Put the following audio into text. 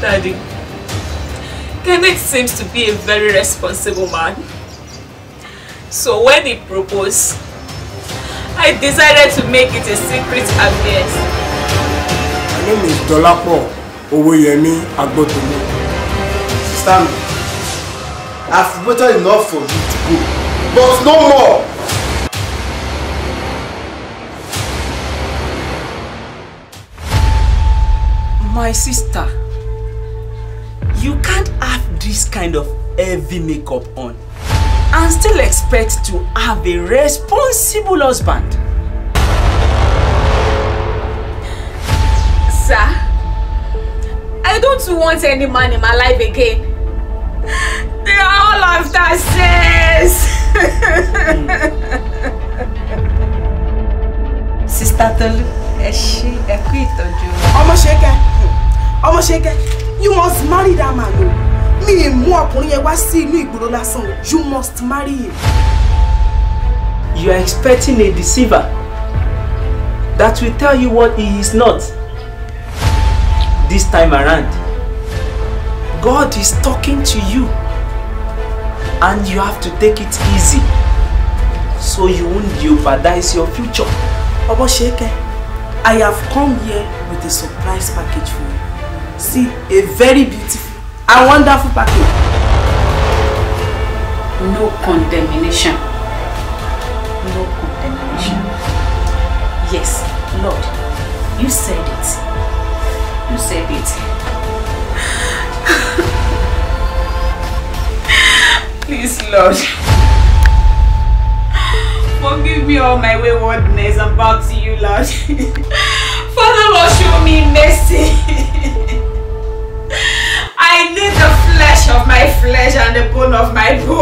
Daddy, Kenneth seems to be a very responsible man. So when he proposed, I decided to make it a secret affair. My name is Dolapo Owoyemi Agbotomo. Sister me, I've waited enough for you to go, but no more! My sister, You can't have this kind of heavy makeup on and still expect to have a responsible husband. Sir, I don't want any man in my life again. They are all after sis. mm. Sister Tolu, ẹ ṣé ẹ kú ìtọ́jú. Ọmọ ṣe kẹ́, ọmọ you must marry that man o mi ì mú ọkùnrin yẹn wá sí inú ìgboro lásán you must marry him. you are expecting a deceiver that will tell you what he is not this time around God is talking to you and you have to take it easy so you won't jeopardize your future. Obosheke, I have come here with a surprise package for you see a very beautiful and wonderful package. No condemnation. No condemnation. Yes, Lord, you said it. You said it. Please, Lord. Forgive me all my waywardness and bow to you, Lord. Father, Lord, show me mercy. wurden auf meinen Punkt